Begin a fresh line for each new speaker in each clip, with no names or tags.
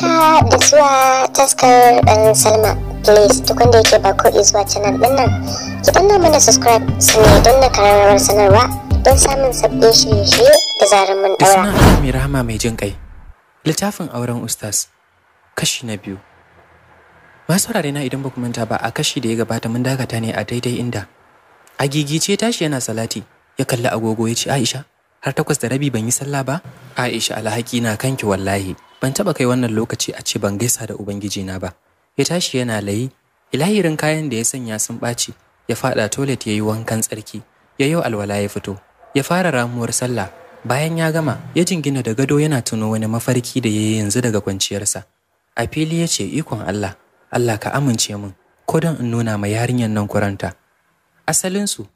haka da zuwa taskar dan salma please duk wanda yake ba ko zuwa canal din nan ki danna mana subscribe ne don na kararrawar sanarwa don samun sabbin shirye-shirye da zarar mun daura da mai rahama mai jin kai littafin auren ustaz kashi na biyu masu na idan ba ku manta ba a kashi da ya gabata mun dakata ne a daidai inda a gigice tashi yana salati ya kalli agogo ya ce aisha har takwas da rabi ban yi sallah ba aisha alhaki na kanki wallahi ban taɓa kai wannan lokaci a ce ban gaisa da Ubangiji na ba. Ya tashi yana layi, ilahirin kayan da ya sanya sun ɓaci, ya faɗa toilet ya yi wankan tsarki, ya yau alwala ya fito, ya fara ramuwar sallah. Bayan ya gama, ya jingina da gado yana tuno wani mafarki da ya yi yanzu daga kwanciyarsa. A fili ya ce ikon Allah, Allah ka amince min, ko don in nuna ma yarinyar nan kuranta. Asalinsu,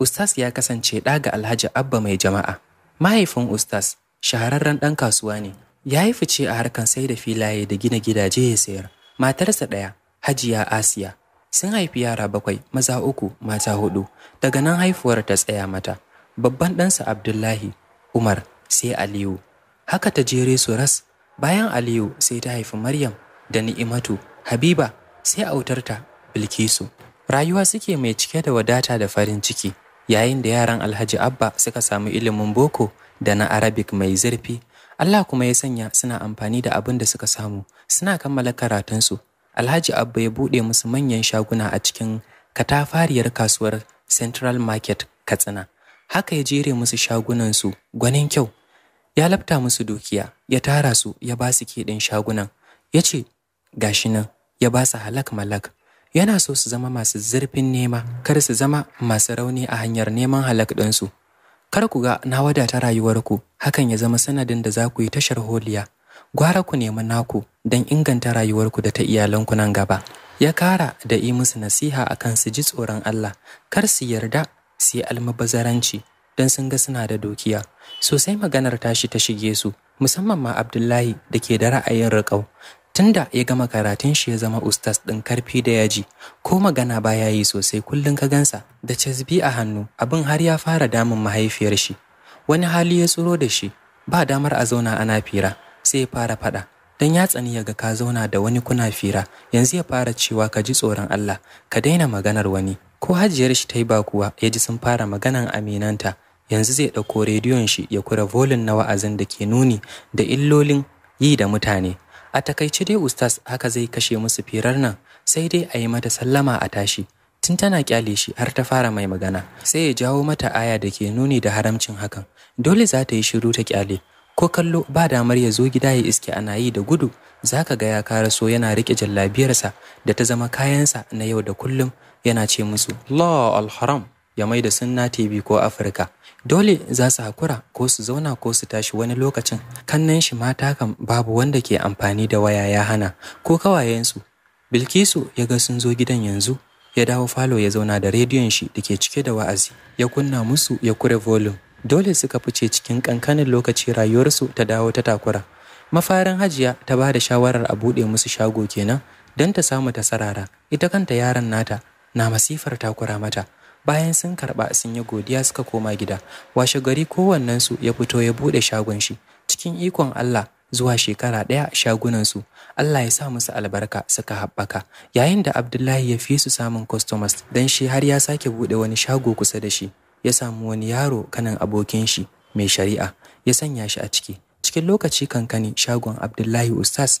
Ustas ya kasance ɗaga Alhaji Abba mai jama'a. Mahaifin Ustas shahararren ɗan kasuwa ne ya yi fice a harkan sai da filaye da gina gidaje ya sayar matarsa ɗaya hajiya asiya sun haifi yara bakwai maza uku mata hudu daga nan haifuwar ta tsaya mata babban ɗansa abdullahi umar sai aliyu haka ta jere su ras bayan aliyu sai ta haifi maryam da ni'imatu habiba sai autarta bilkisu rayuwa suke mai cike da wadata da farin ciki yayin da yaran alhaji abba suka samu ilimin boko da na arabic mai zurfi Allah kuma ya sanya suna amfani da abin da suka samu suna kammala karatunsu Alhaji Abba ya buɗe musu manyan shaguna a cikin katafariyar kasuwar Central Market Katsina. Haka ya jere musu shagunansu gwanin kyau. Ya lafta musu dukiya, ya tara su, ya ba su keɗin shagunan. Ya ce, gashi nan, ya ba su halak malak. Yana so su zama masu zurfin nema, kar su zama masu rauni a hanyar neman halak ɗinsu. Kar ku ga na wadata rayuwarku, hakan ya zama sanadin da za ku yi tashar holiya. Gwara ku nemi naku don inganta rayuwarku da ta iyalanku nan gaba. Ya kara da yi musu nasiha akan su ji tsoron Allah, kar su yarda su yi almabazaranci don sun ga suna da dukiya. Sosai maganar tashi ta shige su, musamman ma Abdullahi da ke da ra'ayin riƙau. Tunda ya gama karatun shi ya zama ustas ɗin karfi da yaji, ko magana baya yi sosai kullum ka gansa, da cazbi a hannu abin har ya fara damun mahaifiyar shi. Wani hali ya tsoro da shi, ba damar a zauna ana fira, sai ya fara faɗa. Don ya tsani ya ga ka zauna da wani kuna fira, yanzu ya fara cewa ka ji tsoron Allah, ka daina maganar wani. Ko hajiyar shi ta yi ba kuwa ya ji sun fara maganan aminanta, yanzu zai ɗauko rediyon shi ya kura volin na wa'azin da ke nuni da illolin yi da mutane. A takaice dai Ustaz haka zai kashe musu firar nan sai dai a yi mata sallama a tashi. Tun tana kyale shi har ta fara mai magana sai ya jawo mata aya da ke nuni da haramcin hakan. Dole za ta yi shiru ta kyale. Ko kallo ba damar ya zo gida ya iske ana yi da gudu za ka ga ya so yana riƙe jallabiyarsa da ta zama kayansa na yau da kullum yana ce musu la alharam ya mai da sunna tv ko afirka dole za su hakura ko su zauna ko su tashi wani lokacin kannan shi mata kan babu wanda ke amfani da waya ya hana ko kawayensu bilkisu ya ga sun zo gidan yanzu ya dawo falo ya zauna da rediyon shi da ke cike da wa'azi ya kunna musu ya kure volume dole suka fice cikin kankanin lokaci rayuwarsu ta dawo ta takura mafarin hajiya ta ba da shawarar a buɗe musu shago kenan don ta samu ta sarara ita kanta yaron nata na masifar takura mata bayan sun karɓa sun yi godiya suka koma gida washe gari su ya fito ya bude shagon shi cikin ikon Allah zuwa shekara ɗaya su Allah ya sa musu albarka suka haɓaka yayin da Abdullahi ya fi su samun customers dan shi har ya sake bude wani shago kusa da shi ya samu wani yaro kanan abokin shi mai shari'a ya sanya shi a ciki cikin lokaci kankani shagon Abdullahi Ustaz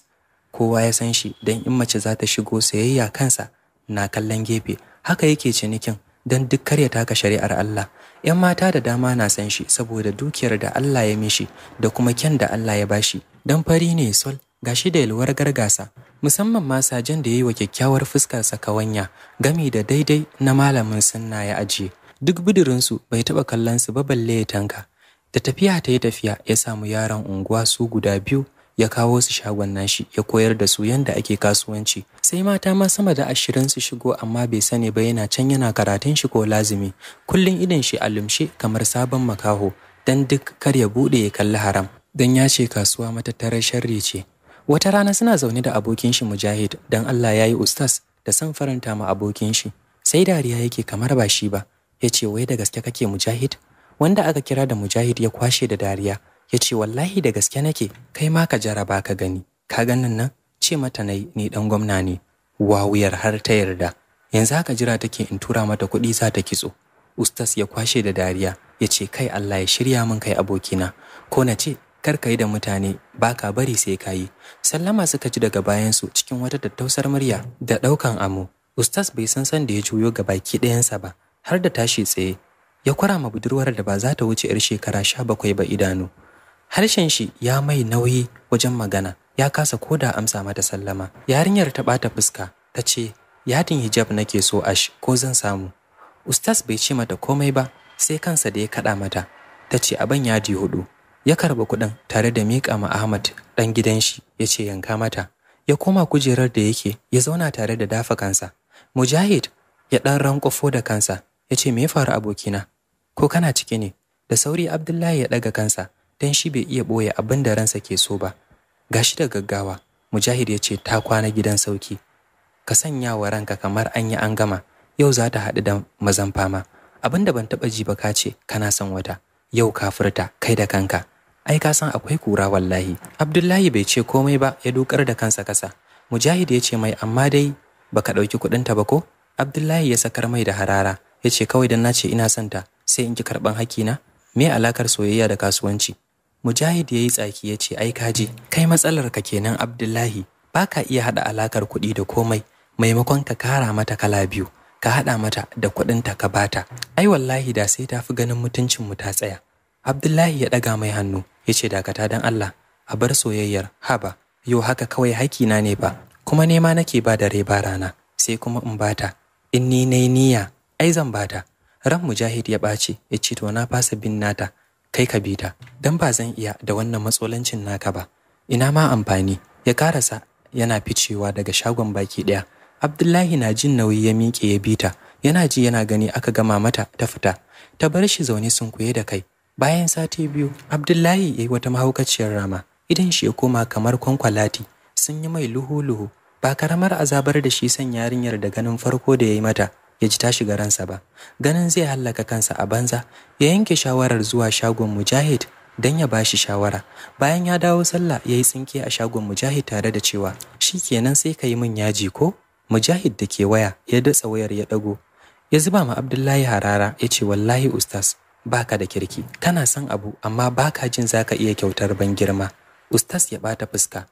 kowa ya san shi dan in mace za ta shigo sayayya kansa na kallon gefe haka yake cinikin don duk karya taka shari'ar Allah. ‘Yan mata da dama na san shi saboda dukiyar da Allah ya mishi da kuma kyan da Allah ya bashi. Don fari ne sol, gashi da yalwar gargasa, musamman ma sajen da ya yi wa kyakkyawar fuskarsa kawanya gami da daidai na malamin sunna ya ajiye. Duk bidirinsu bai taɓa kallon su ba balle ya tanka. Da tafiya ta yi tafiya ya samu yaron unguwa su guda biyu ya kawo su shagon nashi ya koyar da su yanda ake kasuwanci sai mata ma sama da ashirin su shigo amma bai sani ba yana can yana karatun shi ko lazumi kullum idan shi a lumshe kamar sabon makaho dan duk kar ya bude ya kalli haram dan ya ce kasuwa matattarar sharri ce wata rana suna zaune da abokin shi mujahid dan Allah ya yi ustas da san faranta ma abokin shi sai dariya yake kamar ba shi ba ya ce wai da gaske kake mujahid wanda aka kira da mujahid ya kwashe da dariya ya ce wallahi da gaske nake kai ma ka jaraba ka gani ka ganin nan ce mata na ni dan gwamna ne wawuyar har ta yarda yanzu haka jira take in tura mata kuɗi za ta kitso ustas ya kwashe da dariya ya ce kai Allah ya shirya min kai abokina ko na ce kar ka yi da mutane ba ka bari sai ka yi sallama suka ci daga bayansu cikin wata tattausar murya da ɗaukan amo ustas bai san san da ya juyo ga baki ɗayansa ba har da tashi tsaye ya kwara ma budurwar da ba za ta wuce 'yar shekara sha bakwai ba idanu harshen shi ya mai nauyi wajen magana ya kasa ko da amsa mata sallama. Yarinyar ta bata fuska ta ce, Yadin hijab nake so ash ko zan samu. Ustas bai ce mata komai ba sai kansa da ya kaɗa mata. Ta ce abin yadi hudu. Ya karba kuɗin tare da miƙa ma Ahmad ɗan gidan shi ya ce yanka mata. Ya koma kujerar da yake ya zauna tare da dafa kansa. Mujahid ya ɗan rankwafo da kansa ya ce me ya faru abokina? Ko kana ciki ne? Da sauri Abdullahi ya ɗaga kansa don shi bai iya ɓoye abin da ransa ke so ba. gashi da gaggawa mujahid ya ce ta kwana gidan sauki ka sanya wa ranka kamar an yi an gama yau za ta haɗu da mazan fama abin da ban taɓa ji ba ka ce kana son wata yau ka furta kai da kanka ai ka san akwai kura wallahi abdullahi bai ce komai ba ya dokar da kansa kasa mujahid ya ce mai amma dai baka ɗauki kuɗinta ba ko abdullahi ya sakar mai da harara ya ce kawai don na ce ina son ta sai in ki karɓan na? me alakar soyayya da kasuwanci Mujahid ya yi tsaki ya ce ai kaji, kai matsalar ka kenan Abdullahi, ba ka iya haɗa alakar kuɗi da komai, maimakon ka kara mata kala biyu, ka haɗa mata da kuɗinta ka bata. Ai wallahi da sai ta fi ganin mutuncin mu ta tsaya. Abdullahi ya ɗaga mai hannu, ya ce dakata don Allah, a bar soyayyar, haba, yau haka kawai hakina ne ba, kuma nema nake ba da reba rana, sai kuma in bata, in ni yi niyya, ai zan bata. Ran Mujahid ya ɓace, ya ce to na fasa bin nata, kai ka bida dan ba zan iya da wannan matsolancin naka ba ina ma amfani ya karasa yana ficewa daga shagon baki ɗaya abdullahi na jin nauyi ya miƙe ya bita yana ji yana gani aka gama mata ta fita ta bar shi zaune sun kuye da kai bayan sati biyu abdullahi ya yi wata mahaukaciyar rama idan shi ya koma kamar kwankwalati sun yi mai luhu-luhu ba karamar azabar da shi son yarinyar da ganin farko da ya yi mata ya ji ta shiga ransa ba ganin zai hallaka kansa a banza ya yanke shawarar zuwa shagon mujahid don ya bashi shawara bayan ya dawo sallah ya yi tsinke a shagon mujahid tare da cewa shi kenan sai ka yi min yaji ko mujahid da ke waya ya datsa wayar ya ɗago ya zuba ma abdullahi harara ya ce wallahi ustaz baka da kirki kana son abu amma baka jin zaka iya kyautar ban girma ustaz ya bata fuska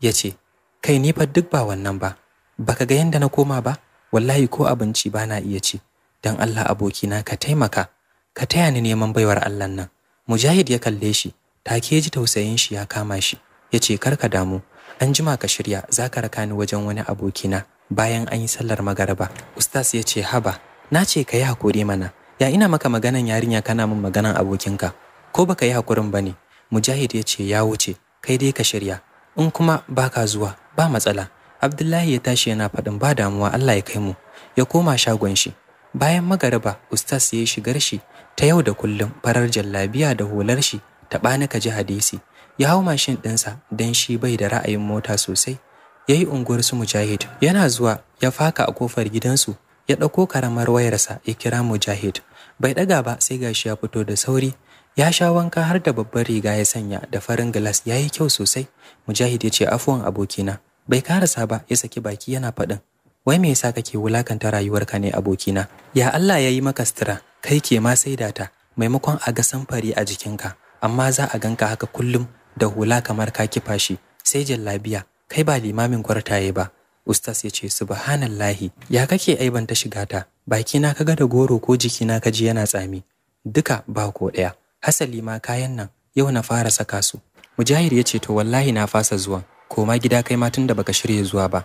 ya ce kai ni fa duk ba wannan ba baka ga yadda na koma ba wallahi ko abinci ba na iya ci don Allah abokina ka taimaka ka taya ni neman baiwar Allah nan mujahid ya kalle shi take ji tausayin shi ya kama shi ya ce ka damu an jima ka shirya za ka raka ni wajen wani abokina bayan an yi sallar magaraba ustas ya ce haba na ce ka yi hakuri mana ya ina maka maganan yarinya kana min maganan abokinka ko baka yi hakurin ba ne mujahid ya ce ya wuce kai dai ka shirya in kuma baka zuwa ba matsala Abdullahi ya tashi yana faɗin ba damuwa Allah ya kai mu, ya koma shagon shi. Bayan magariba, Ustaz ya yi shigar shi ta yau da kullum farar jallabiya da hular shi ta ɓanika ji hadisi. Ya hau mashin ɗinsa don shi bai da ra'ayin mota sosai. Ya yi unguwar su Mujahid. Yana zuwa ya faka a kofar gidansu ya ɗauko karamar wayarsa ya kira Mujahid. Bai ɗaga ba sai gashi ya fito da sauri. Ya sha wanka har da babbar riga ya sanya da farin gilas ya yi kyau sosai. Mujahid ya ce afuwan abokina. bai karasa ba ya saki baki yana faɗin wai me yasa kake wulakanta rayuwarka ne abokina ya Allah ya yi maka sutura kai ke ma sai data maimakon a ga samfari a jikinka amma za a ganka haka kullum da hula kamar ka kifa shi sai jallabiya kai ba limamin gwartaye ba ustas ya ce subhanallahi ya kake aibanta shigata bakina kaga da goro ko jikina kaji yana tsami duka ba ko ɗaya hasali ma kayan nan yau na fara saka su mujahid ya ce to wallahi na fasa zuwan koma gida kai ma da baka shirya zuwa ba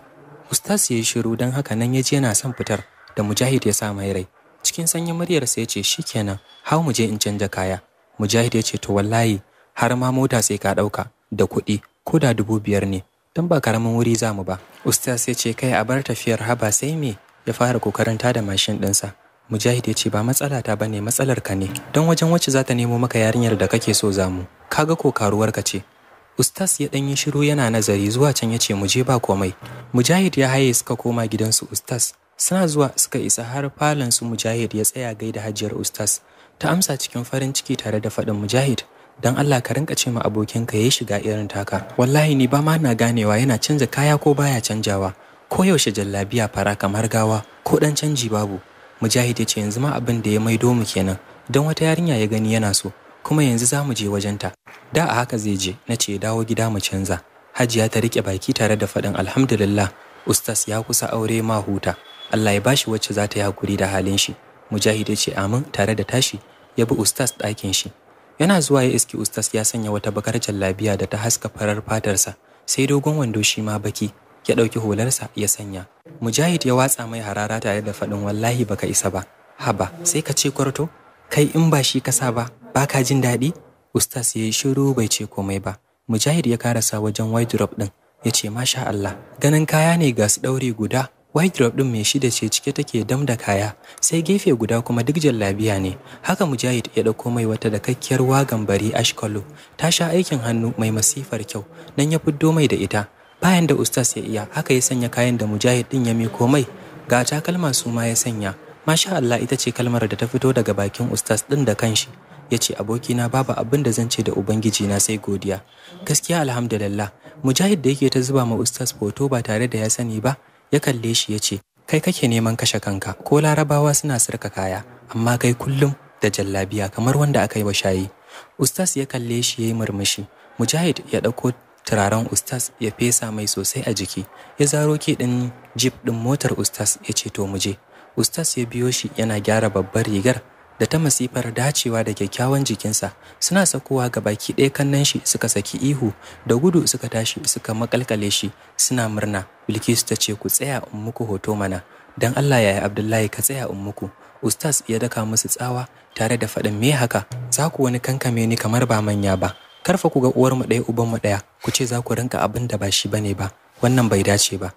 ustaz ya yi shiru don haka nan ya ji yana son fitar da mujahid ya sa mai rai cikin sanyin muryarsa ya ce shi kenan, hau mu je in canja kaya mujahid ya ce to wallahi har ma mota sai ka ɗauka da kuɗi ko da dubu biyar ne don ba karamin wuri za mu ba ustaz ya ce kai a bar tafiyar haba sai me ya fara kokarin da mashin ɗinsa Mujahid ya ce ba matsala ta bane matsalar ka ne don wajen wacce za ta nemo maka yarinyar da kake so zamu ga ko karuwar ka ce Ustas ya ɗan yi shiru yana nazari zuwa can ya ce mu je ba komai. Mujahid ya haye suka koma gidansu Ustas Suna zuwa suka isa har falon su Mujahid ya tsaya gaida hajiyar Ustas. Ta amsa cikin farin ciki tare da faɗin Mujahid. dan Allah ka rinka ce ma abokinka ya shiga irin taka. Wallahi ni ba ma na ganewa yana canza kaya ko baya canjawa. ko yaushe jallabiya fara kamar gawa ko ɗan canji babu. Mujahid ya ce yanzu ma abin da ya maido mu kenan. Don wata yarinya ya gani yana so. kuma yanzu za mu je wajenta. Da a haka zai je, na ce dawo gida mu canza. Hajiya ta riƙe baki tare da faɗin alhamdulillah, Ustas ya kusa aure ma huta. Allah ya bashi wacce za ta yi hakuri da halin shi. Mujahid ya ce amin tare da tashi, ya bi Ustas ɗakin shi. Yana zuwa ya iski Ustas ya sanya wata bakar jallabiya da ta haska farar fatarsa, sai dogon wando shi ma baki, ya ɗauki hularsa ya sanya. Mujahid ya watsa mai harara tare da faɗin wallahi baka isa ba. Haba, sai ka ce kwarto, kai in ba shi kasa ba, ba ka jin daɗi ustas ya yi shiru bai ce komai ba mujahid ya karasa wajen wardrobe ɗin ya ce masha Allah ganin kaya ne ga su ɗaure guda wardrobe ɗin mai shida ce cike take dam da kaya sai gefe guda kuma duk jallabiya ne haka mujahid ya ɗauko mai wata da kakkiyar wagan bari ashkalo ta sha aikin hannu mai masifar kyau nan ya fiddo mai da ita bayan da ustas ya iya haka ya sanya kayan da mujahid ɗin ya miko mai ga takalma su ma ya sanya masha Allah ita ce kalmar da ta fito daga bakin ustas ɗin da kanshi ya ce abokina babu abin da zan ce da Ubangiji na sai godiya gaskiya alhamdulillah mujahid da yake ta zuba ma ustaz foto ba tare da ya sani ba ya kalle shi ya ce kai kake neman kashe kanka ko larabawa suna sirka kaya amma kai kullum da jallabiya kamar wanda aka yi wa shayi ustaz ya kalle shi ya yi murmushi mujahid ya ɗauko turaren ustas ya fesa mai sosai a jiki ya zaro ke ɗin jip ɗin motar ustas ya ce to je. ustas ya biyo shi yana gyara babbar rigar da ta masifar dacewa da kyakkyawan jikinsa suna sakowa ga baki ɗaya kannan shi suka saki ihu da gudu suka tashi suka makalkale shi suna murna bilkisu ta ce ku tsaya in muku hoto mana don allah yaya abdullahi ka tsaya in muku ustaz ya daka musu tsawa tare da faɗin me haka za ku wani kankame ni kamar ba manya ba karfa ku ga uwarmu ɗaya mu ɗaya ku ce za ku rinka abin da ba shi bane ba wannan bai dace ba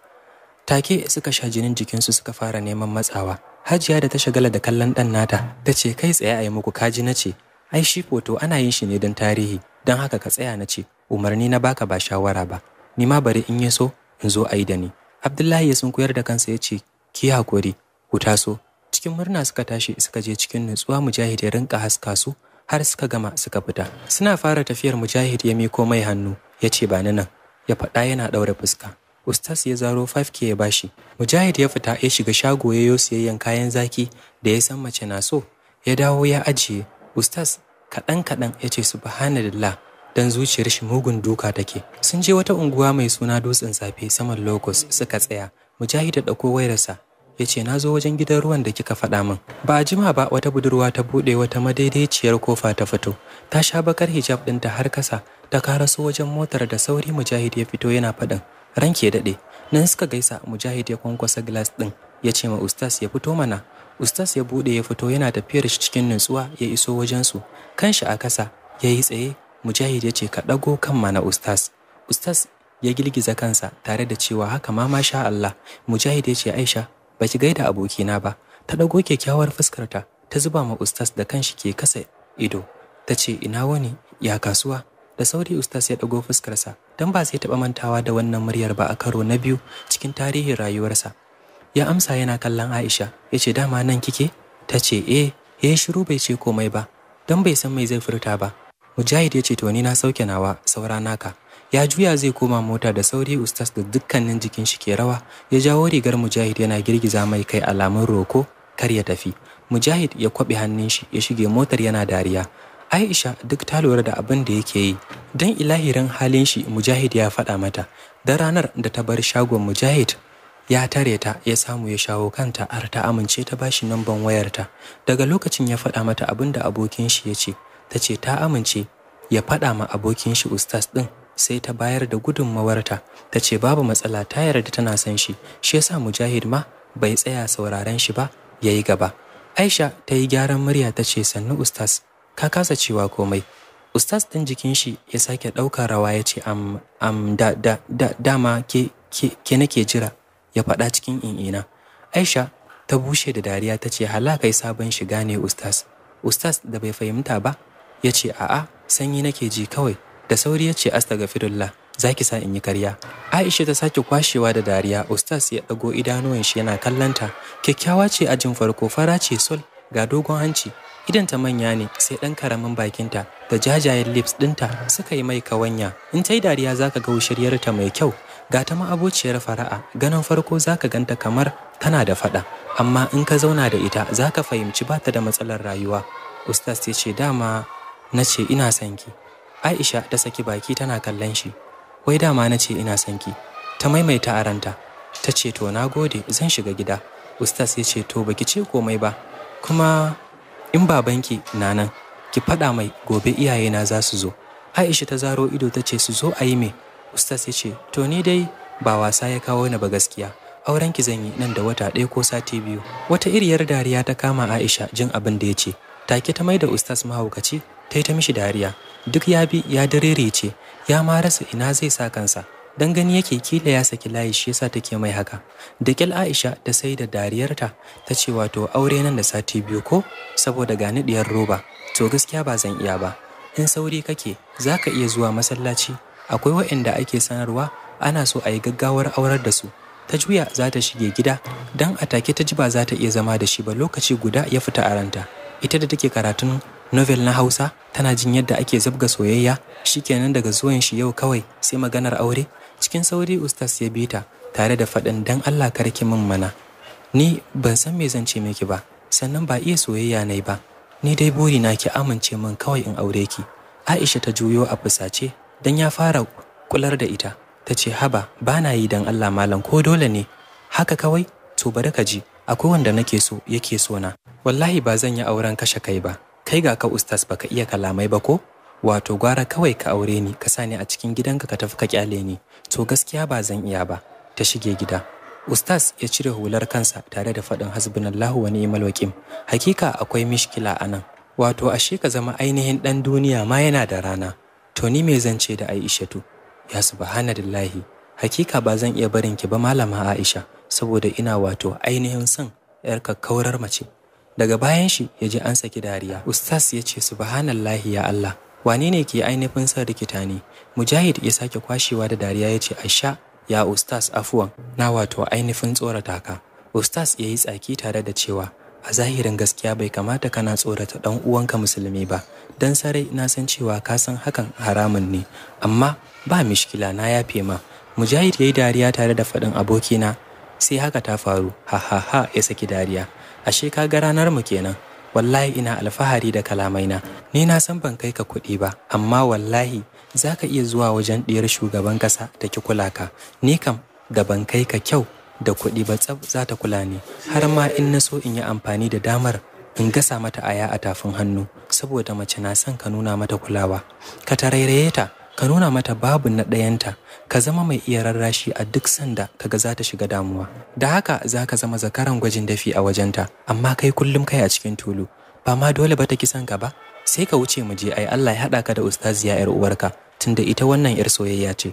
take suka sha jinin jikinsu suka fara neman matsawa Hajiya da ta shagala da kallon ɗan nata ta ce kai tsaye a yi muku kaji na ce, ai shi foto ana yin shi ne don tarihi, don haka ka tsaya na ce, umarni na baka ba shawara ba, ni ma bari in yi so in zo a yi da ni. Abdullahi ya sun koyar da kansa ya ce, ki hakori. ku taso. Cikin murna suka tashi suka je cikin nutsuwa mujahid ya rinka haska su har suka gama suka fita. Suna fara tafiyar mujahid ya miko mai hannu ya ce ba nan ya faɗa yana ɗaure fuska. Ustaz ya zaro 5k ya bashi. Mujahid ya fita ya shiga shago ya siyayyan kayan zaki da ya san mace na so. Ya dawo ya ajiye. Ustaz kaɗan-kaɗan ya ce subhanallah dan zuciyar shi mugun duka take. Sun je wata unguwa mai suna dutsen safe saman Lagos suka tsaya. Mujahid ya ɗauko wayarsa ya ce na zo wajen gidan ruwan da kika faɗa min ba a jima ba wata budurwa ta buɗe wata madaidaiciyar kofa ta fito ta sha bakar hijab ɗinta har kasa ta karaso wajen motar da sauri mujahid ya fito yana faɗin ranki ya daɗe nan suka gaisa mujahid ya kwankwasa glass ɗin ya ce ma ustas ya fito mana ustas ya buɗe ya fito yana tafiyar shi cikin nutsuwa ya iso wajensu kanshi a kasa ya yi tsaye mujahid ya ce ka ɗago kan mana ustas ustas ya girgiza kansa tare da cewa haka ma masha Allah mujahid ya ce aisha baki gaida abokina ba ta ɗago kyakkyawar fuskarta ta zuba ma ustas da kanshi ke kasa ido ta ce ina wani ya kasuwa da sauri ustas ya ɗago fuskarsa don ba zai taɓa mantawa da wannan muryar ba a karo na biyu cikin tarihin rayuwarsa. Ya amsa yana kallon Aisha, ya ce dama nan kike? Ta ce e? ya shiru bai ce komai ba, don bai san mai zai furta ba. Mujahid ya ce to ni na sauke nawa, saura naka. Ya juya zai koma mota da sauri ustas da dukkanin jikin shi ke rawa, ya jawo rigar Mujahid yana girgiza mai kai alamun roko kar ya tafi. Mujahid ya kwaɓe hannun shi ya shige motar yana dariya. Aisha duk ta lura da abin da yake yi, don ilahirin halin shi Mujahid ya faɗa mata, da ranar da ta bar shagon Mujahid ya tare ta ya samu ya shawo kanta har ta amince ta bashi namban wayarta. Daga lokacin ya faɗa mata abin da abokin shi ya ce, ta ce ta amince ya faɗa ma abokin shi Ustaz ɗin sai ta bayar da gudunmawarta ta ce babu matsala ta yarda tana son shi shi yasa mujahid ma bai tsaya sauraren shi ba yayi gaba aisha ta yi gyaran murya ta ce sannu ustaz ka kasa cewa komai ustaz ɗin jikin shi ya sake ɗauka rawa ya ce am, am dama ke, ke, nake jira ya faɗa cikin in'ina aisha ta bushe da dariya ta ce halakai sabon shiga ne ustaz ustaz da bai fahimta ba ya ce a'a sanyi nake ji kawai da sauri ya ce astagfirullah za ki sa in yi karya aisha ta sake kwashewa da dariya ustaz ya ɗago idanuwan shi yana kallanta kyakkyawa ce ajin farko fara ce sol ga dogon hanci idanta manya ne sai ɗan karamin bakinta da jajayen lips ɗinta suka yi mai kawanya in ta yi dariya za ka ga wushiryarta mai kyau ga ta ma'abociyar fara'a ganin farko za ka ganta kamar tana da faɗa amma in ka zauna da ita za ka fahimci ba ta da matsalar rayuwa ustaz ya ce dama na ce ina son ki aisha ta saki baki tana kallon shi wai dama na ce ina son ki ta maimaita aranta ta ce to na gode zan shiga gida ustaz ya ce to baki ce komai ba kuma in babanki na nan ki faɗa mai gobe iyayena za su zo aisha ta zaro ido ta ce su zo a yi me ustas ya ce to ni dai ba wasa ya kawo ni ba gaskiya auren ki zan yi nan da wata ɗaya ko sati biyu wata iriyar dariya ta kama aisha jin abin da ya ce take ta mai da ustas mahaukaci ta yi ta mishi dariya duk ya bi ya dare ce ya ma rasa ina zai sa kansa dan gani yake kila ya saki layi shi yasa take mai haka da kyal aisha ta sai da dariyarta ta ce wato aure nan da sati biyu ko saboda ga diyar roba to gaskiya ba zan iya ba in sauri kake zaka iya zuwa masallaci akwai waɗanda ake sanarwa ana so a yi gaggawar aurar da su ta juya za ta shige gida dan a take ta ji ba za ta iya zama da shi ba lokaci guda ya fita a ranta ita da take karatun novel na Hausa tana jin yadda ake zabga soyayya shikenan daga zuwan shi yau kawai sai maganar aure cikin sauri ustas ya bi ta tare da faɗin dan allah karki min mana ni ban san me zan ce miki ba sannan ba iya soyayya nai ba ni dai buri na ki amince min kawai in aure ki aisha ta juyo a fusace dan ya fara kular da ita ta ce haba ba na yi dan allah malam ko dole ne haka kawai to bari ka ji akwai wanda nake so yake so na wallahi ba zan yi auren kashe kai ba kai ga ka ustas baka iya kalamai ba ko wato gwara kawai ka aure ni ka sa ni a cikin gidanka ka tafi ka kyale ni to gaskiya ba zan iya ba ta shige gida Ustaz ya cire hular kansa tare da faɗin hasbunallahu wa ni'mal wakim hakika akwai mishkila a nan wato ashe ka zama ainihin ɗan duniya ma yana da rana to ni me zan ce da Aishatu ya subhanallahi hakika ba zan iya barin ki ba malama Aisha saboda ina wato ainihin son yar kakkaurar mace daga bayan shi ya je an saki dariya ustaz ya ce subhanallahi ya Allah wane ne ke ainihin son rikita ne mujahid ya sake kwashewa da dariya ya ce aisha ya ustaz afuwan na wato ainihin tsorata ka ustaz ya yi tsaki tare da cewa a zahirin gaskiya bai kamata kana tsorata dan uwanka musulmi ba dan sarai na san cewa ka san hakan haramun ne amma ba mishkila na yafe ma mujahid ya yi dariya tare da faɗin abokina sai haka ta faru ha ha ha ya saki dariya ashe ka ga ranar mu kenan wallahi ina alfahari da kalamaina ni na san ban kai ka kuɗi ba amma wallahi za ka iya zuwa wajen ɗiyar shugaban ƙasa ta ki kula ka ni kam da ban kai ka kyau da kuɗi ba tsab za ta kula ni har ma in na so in yi amfani da damar in gasa mata aya a tafin hannu saboda mace na son ka nuna mata kulawa ka tarairaye ta ka nuna mata babu na ɗayanta ka zama mai iya rarrashi a duk sanda kaga za ta shiga damuwa da haka za ka zama zakaran gwajin dafi a wajenta amma kai kullum kai a cikin tulu ba ma dole ba ta kisan ka ba sai ka wuce mu je ai Allah ya haɗa ka da ustaziya yar uwarka tunda ita wannan yar soyayya ce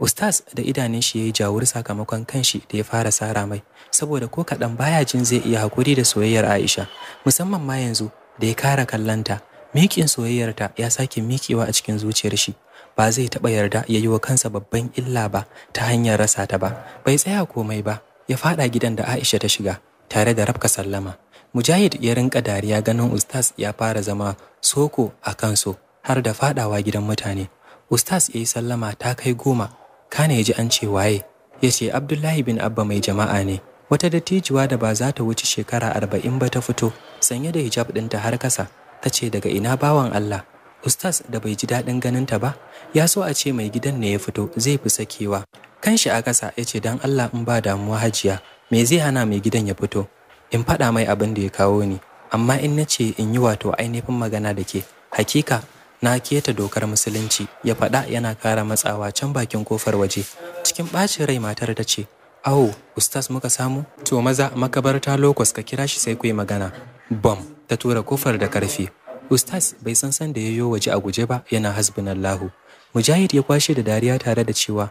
Ustaz da idanun shi ya yi jawur sakamakon kanshi da ya fara sara mai, saboda ko kaɗan baya jin zai iya hakuri da soyayyar Aisha, musamman ma yanzu da ya kara kallanta, miƙin soyayyarta ya sake mikewa a cikin zuciyar shi. ba zai taɓa yarda ya yi wa kansa babban illa ba ta hanyar rasa ta ba bai tsaya komai ba ya faɗa gidan da Aisha ta shiga tare da rafka sallama Mujahid ya rinka dariya ganin Ustaz ya fara zama soko a kansu har da faɗawa gidan mutane Ustaz ya yi sallama ta kai goma kana ya ji an ce waye ya ce Abdullahi bin Abba mai jama'a ne wata dattijuwa da ba za ta wuce shekara arba'in ba ta fito sanye da hijab ɗinta har kasa ta ce daga ina bawan Allah Ustaz da bai ji daɗin ganinta ba, ya so a ce mai gidan ne ya fito zai fi sakewa. Kanshi a ƙasa ya ce don Allah in ba damuwa hajiya, me zai hana mai gidan ya fito? In faɗa mai abin da ya kawo ni, amma in na ce in yi wato ainihin magana da ke, hakika na keta dokar musulunci ya faɗa yana ƙara matsawa can bakin kofar waje. Cikin ɓacin rai matar ta ce, Awo, Ustaz muka samu? To maza makabarta lokos ka kira shi sai ku yi magana. Bom, ta tura kofar da ƙarfi. Ustaz bai san san da yayyo waje a guje ba yana hasbunallahu. Mujahid ya kwashe da dariya tare da cewa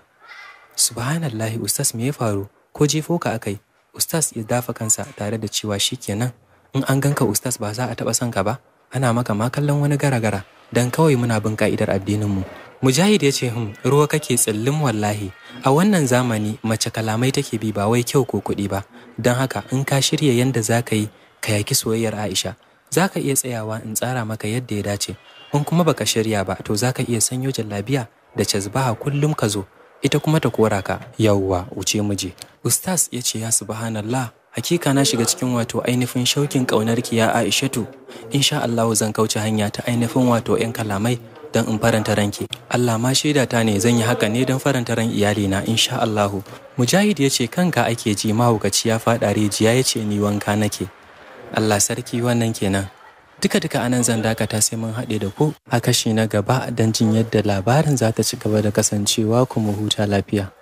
Subhanallahi Ustaz me ya faru ko jefo ka akai? Ustaz ya dafa kansa tare da cewa shi shikenan in an ganka Ustaz ba za a taba san ka ba ana maka ma kallon wani gara-gara dan kawai muna bin ka'idar addinin mu. Mujahid ya ce hum ruwa kake tsillin wallahi a wannan zamani mace kalamai take bi ba wai kyau ko kuɗi ba don haka in ka shirya yanda za ka yi ka yaki soyayyar Aisha za ka iya tsayawa in tsara maka yadda ya dace in kuma baka shirya ba to za ka iya sanyo jallabiya da cazbaha kullum ka zo ita kuma ta kora ka yawwa wuce muje ustaz ya ce ya subhanallah hakika na shiga cikin wato ainihin shaukin ƙaunarki ya aishatu insha allahu zan kauce hanya ta ainihin wato 'yan kalamai don in faranta ranki. Allah ma shaida ta ne zan yi haka ne dan faranta ran iyalina insha Allah Mujahid ya ce kanka ake ji mahaukaci ya faɗa rijiya ya ce ni wanka nake. Allah sarki wannan kenan. Duka-duka anan zan dakata sai mun haɗe da ku a kashi na gaba don jin yadda labarin za ta ci gaba da kasancewa kuma huta lafiya.